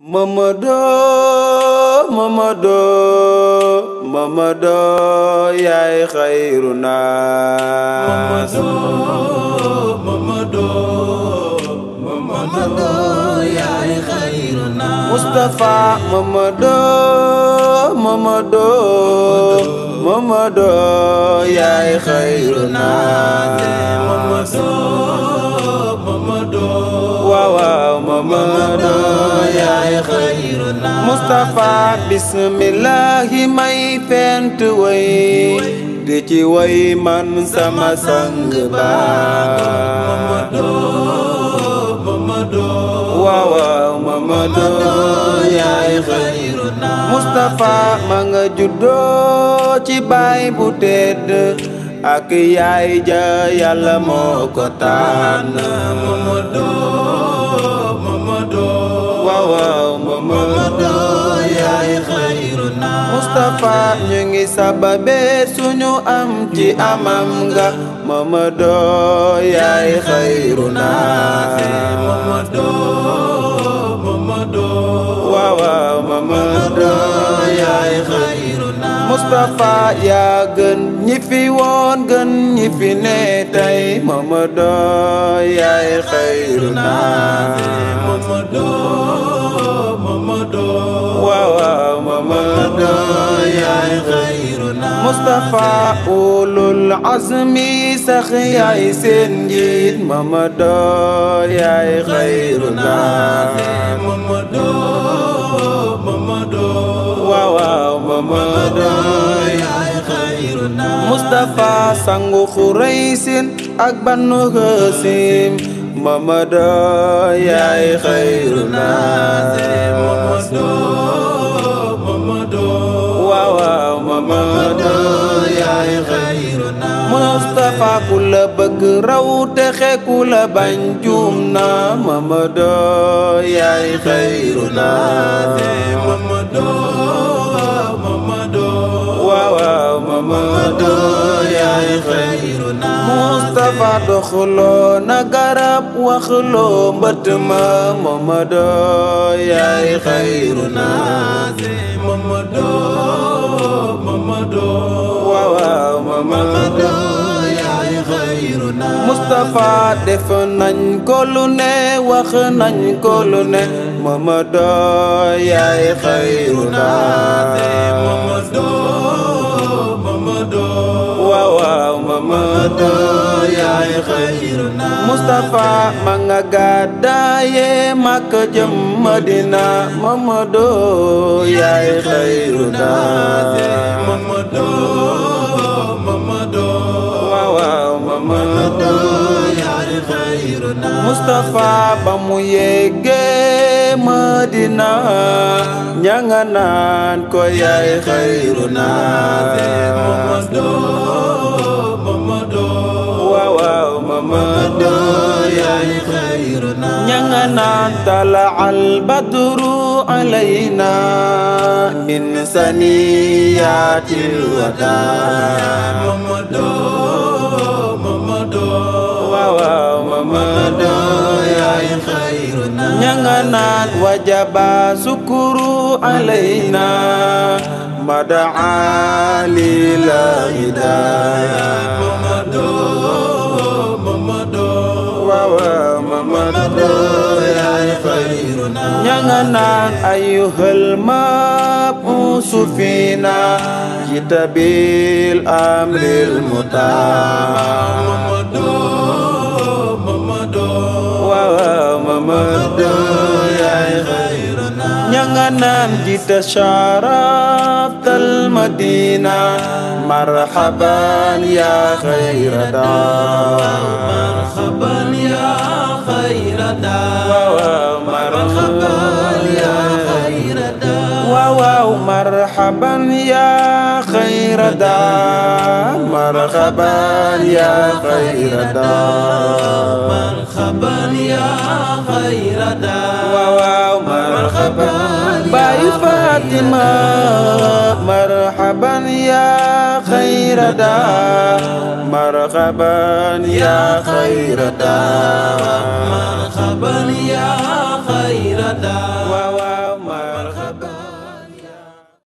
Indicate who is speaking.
Speaker 1: Mamadou Mamadou Mamadou yaay xayru naas Mamadou Mamadou Mamadou yaay xayru naas Moustapha Mamadou Moustapha bismillahi may fent way di ci way man sama sang ba waawaaw Mamadou yaay xayruna Moustapha ma nga juddoo ci baay bu tedd ak yaay ja yàlla moo ko tànn Mamadou Mamadou waawaaw Moustapha ñu ngi sababe suñu am ci amam nga Mamadou yaay xayru naa Mamadou Mamadou waaw waaw Mamadou yaay xayru naa Moustapha yaa gën ñi fi woon gën ñi fi ne tey Mamadou yaay xayru naa Mamadou Mamadou waaw waaw Moustapha ulul azmi sax yaay seen njiit Mamadou yaay xayruna Mamadou Mamadou waaw waaw Mamadou yaay xayruna Moustapha sangu xuraysin ak banu xësim Mamadou yaay xayruna Mamadou bëgg raw te xeku la na mamadoo yaay xayru naa mamadoo waaw mamadoo waaw waaw mamadoo yaay xayru naa Mustafa doxloo na garab waxloo mbët ma mamadoo yaay xayru naa waaw waaw mamadoo Moustapha def nañ ko lu ne wax nañ ko lu ne Mamadou yaay xayruna Mamadou Mamadou waaw waaw Mamadou yaay xayruna Moustapha ma nga gàddaaye màkk jëm Madina Mamadou Moustapha ba mu yeggee Madina ña nga naan ko yaay xayru naa Mamadou Mamadou waaw waaw Mamadou yaay xayru naa ña nga naan tala al badru alayna min saniyatil wadaa Mamadou وجب سكر علينا مدعا للهداية ممدو ممدو ممدو يا خيرنا يا أيها المبعوث فينا جئت بالأمر المتام ñanga naan ji tasharabtal madina marhaban ya khayra dawa marhaban ya khayra baay Fatima marhaban yaa xayra daa marhaban yaa xayra daa marhaban yaa xayra daa